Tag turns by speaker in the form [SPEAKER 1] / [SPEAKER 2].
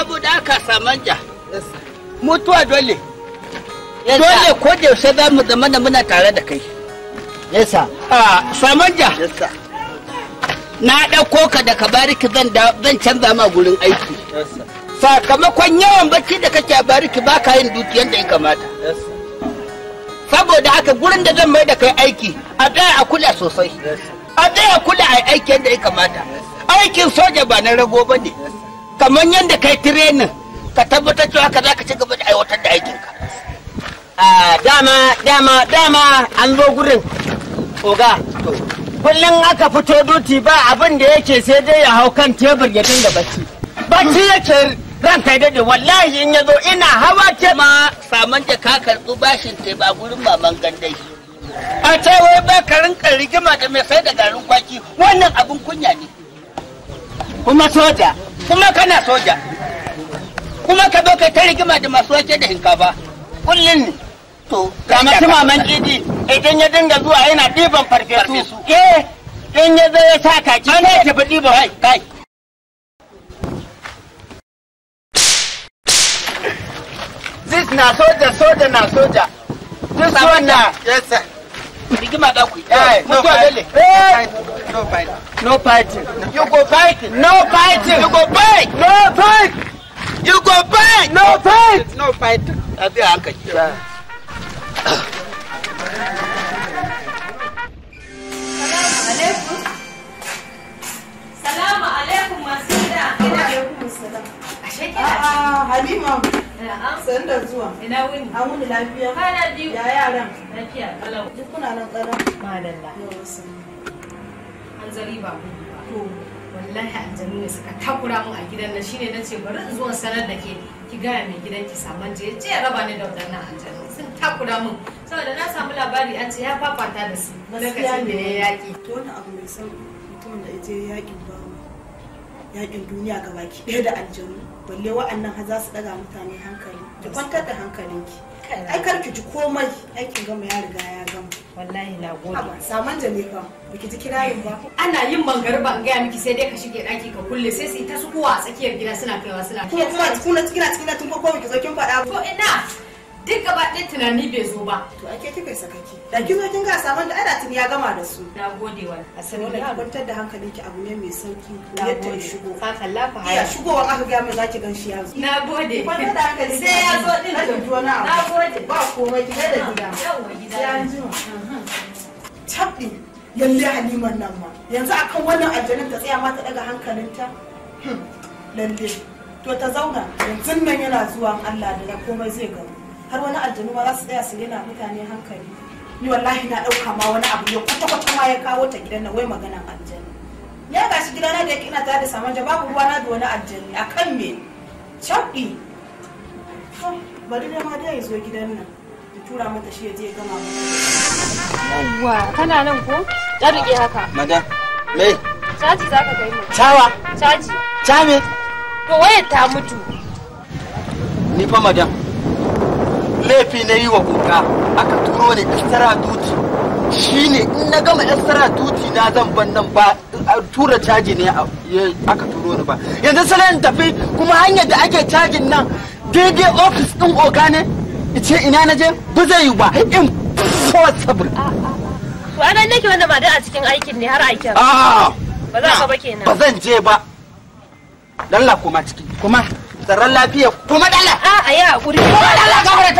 [SPEAKER 1] saboda saman samanja mutuwa dole dole ko da yaushe za mu zama muna tare da kai yasa ah, samanja na ɗauko ka daga bariki zan canza ma gurin aiki sakamakon yawan bacci da kake a bariki ba ka yin dukiyar da ya kamata saboda haka gurin da zan mai da kai aiki a tsaya a kula sosai a a kula a aiki yadda ya kamata aikin soja ba na rago ba ne kamar yadda kai tirenin ka tabbatar cewa ka za ka ci gaba da aiwatar da aikinka ah, dama dama dama an zo gurin oga kullum aka fito duti ba abin da yake sai dai ya hau kan tebur ya dinga bacci bacci yake ran kai dade wallahi in ya ina hawa ke ma saman da ka karbu bashin te ba gurin maman gandai a ce wai ba ka rinka rigima da mai sai da garin kwaki wannan abin kunya ne kuma soja kuma kana soja kuma ka zo kai ta rigima da masu wace da hinkafa kullum ne to ga masu maman jidi idan ya dinga zuwa yana ɗiban farfesu eh in ya zo ya sa kaki an ya tafi ɗiban kai this na soja soja na soja this one na yes sir rigima da ku eh mutuwa eh. dole eh No fighting. You go fight. No fighting. You go fight. No fight. You go fight. No fight. No fight. Abi haka. Salamu
[SPEAKER 2] alaikum. Salamu alaikum masu gida. Ah, ah, Ina alaikum salam. Halima. Sanin zuwa. Ina wuni. An wuni lafiya. Kwana biyu. Ya yaran. Lafiya. Kalau. Duk kuna nan tsaron. Madalla. Yau wasu. hanzari ba to wallahi aljanu ne suka takura mun a gidan nan shine nace bari in zo in sanar da ke ki gaya mai gidan ki saman je je raba ni da wadannan aljanu sun takura mun saboda na samu labari an ce ya fafata da su lokacin da ya yaki to wani abu mai san mutum da ya je yakin ba yakin duniya ga baki ɗaya da aljanu balle wa'annan ha za su ɗaga mutane hankali ki kwantar da hankalinki aikar ki ji komai aikin gama ya riga ya gama wallahi na gode saman da ne fa biki ji kirayin ba ana yin bangar ba gaya miki sai dai ka shige daki ka kulle sai su yi ta sukuwa a tsakiyar gida suna kaiwa suna kuma kuma kuna cikin cikin tun ko ko ki zo kin faɗa ko ina duk gaba ɗaya tunani bai zo ba. To ake kika isa kake. Da kin zo kin ga saman da ana tuni ya gama da su. Na gode wa. A sanin da kwantar da hankali ki abu ne mai sauki yadda ya shigo. Ka kalla fa haya. shigo wa aka ga mai zaki gan shi Na gode. Kwantar da hankali. Sai ya zo din. Na tafi abu. Na gode. Ba komai gida da gida. Yawwa gida. Sai an jima. Tabbi. Lalle Halimar nan ma. Yanzu akan wannan aljanin ta tsaya mata ta daga hankalinta. Hmm, lalle. To ta zauna yanzu nan yana zuwa Allah da komai zai gaba. har wani aljanu ma za su tsaya su rena mutane hankali ni wallahi na ɗauka ma wani abu ya kwata kwata ma ya kawo ta gidan na wai maganan aljanu ya gashi gidana da yake ina tare da saman da babu na da wani aljanu a kan me caɗi bari da ma dai zo gidan nan da tura mata shi ya je gama yawwa kana nan ko ta rike haka
[SPEAKER 1] madam me
[SPEAKER 2] caji za ka kai mu cawa
[SPEAKER 1] caji chame to waye ta mutu ni fa madam laifi na yi wa oga aka turo ne extra duty shine in na gama extra duty na zan ban nan ba a tura caji ne aka turo ni ba yanzu sai tafi kuma hanyar da ake cajin nan daidai ofis din oga ne ce ina na je ba zai yi ba in possible
[SPEAKER 2] to anan nake wanda ba da a cikin aikin ne har aikin ba za ka ba kenan ba
[SPEAKER 1] zan je ba lalla kuma ciki kuma tsaron lafiya kuma dala a a ya hakuri kuma dala ga